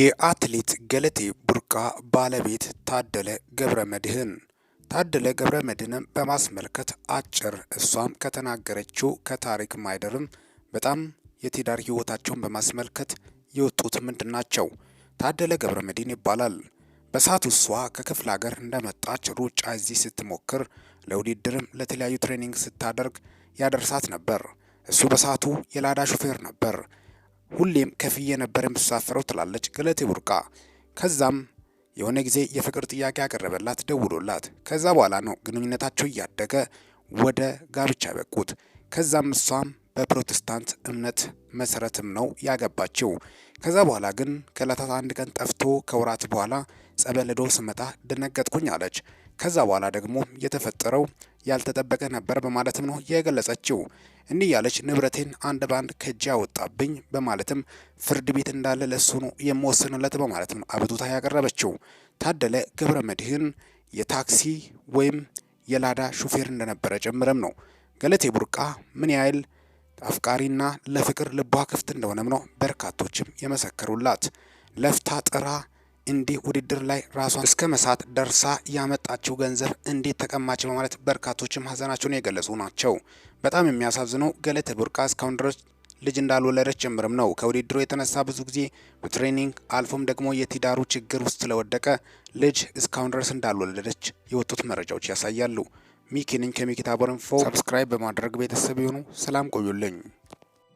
የአትሌት ገለቴ ቡርቃ ባለቤት ታደለ ገብረ መድህን ታደለ ገብረ መድህንም በማስመልከት አጭር እሷም ከተናገረችው ከታሪክ ማይደርም በጣም የትዳር ህይወታቸውን በማስመልከት የወጡት ምንድን ናቸው? ታደለ ገብረ መድህን ይባላል። በሰዓቱ እሷ ከክፍለ ሀገር እንደመጣች ሩጫ እዚህ ስትሞክር ለውድድርም ለተለያዩ ትሬኒንግ ስታደርግ ያደርሳት ነበር። እሱ በሰዓቱ የላዳ ሹፌር ነበር። ሁሌም ከፍዬ ነበር የምሳፈረው ትላለች ገለቴ ቡርቃ። ከዛም የሆነ ጊዜ የፍቅር ጥያቄ ያቀረበላት ደውሎላት፣ ከዛ በኋላ ነው ግንኙነታቸው እያደገ ወደ ጋብቻ ያበቁት። ከዛም እሷም በፕሮቴስታንት እምነት መሰረትም ነው ያገባችው። ከዛ በኋላ ግን ከእለታት አንድ ቀን ጠፍቶ ከወራት በኋላ ጸበልዶ ስመጣ ደነገጥኩኝ አለች። ከዛ በኋላ ደግሞ የተፈጠረው ያልተጠበቀ ነበር በማለትም ነው የገለጸችው። እንዲህ እያለች ንብረቴን አንድ በአንድ ከእጅ አወጣብኝ በማለትም ፍርድ ቤት እንዳለ ለሱ ነው የምወስንለት በማለት ነው አቤቱታ ያቀረበችው። ታደለ ገብረ መድህን የታክሲ ወይም የላዳ ሹፌር እንደነበረ ጨምረም ነው ገለቴ ቡርቃ ምን ያህል አፍቃሪና ለፍቅር ልቧ ክፍት እንደሆነም ነው በርካቶችም የመሰከሩላት። ለፍታ ጥራ እንዲህ ውድድር ላይ ራሷን እስከ መሳት ደርሳ ያመጣችው ገንዘብ እንዴት ተቀማጭ በማለት በርካቶችም ሀዘናቸውን የገለጹ ናቸው። በጣም የሚያሳዝነው ገለቴ ቡርቃ እስካሁን ድረስ ልጅ እንዳልወለደች ጭምርም ነው። ከውድድሩ የተነሳ ብዙ ጊዜ በትሬኒንግ አልፎም ደግሞ የትዳሩ ችግር ውስጥ ስለወደቀ ልጅ እስካሁን ድረስ እንዳልወለደች የወጡት መረጃዎች ያሳያሉ። ሚኪ ነኝ ከሚኪ ሰብስክራይብ በማድረግ ቤተሰብ የሆኑ ሰላም ቆዩልኝ።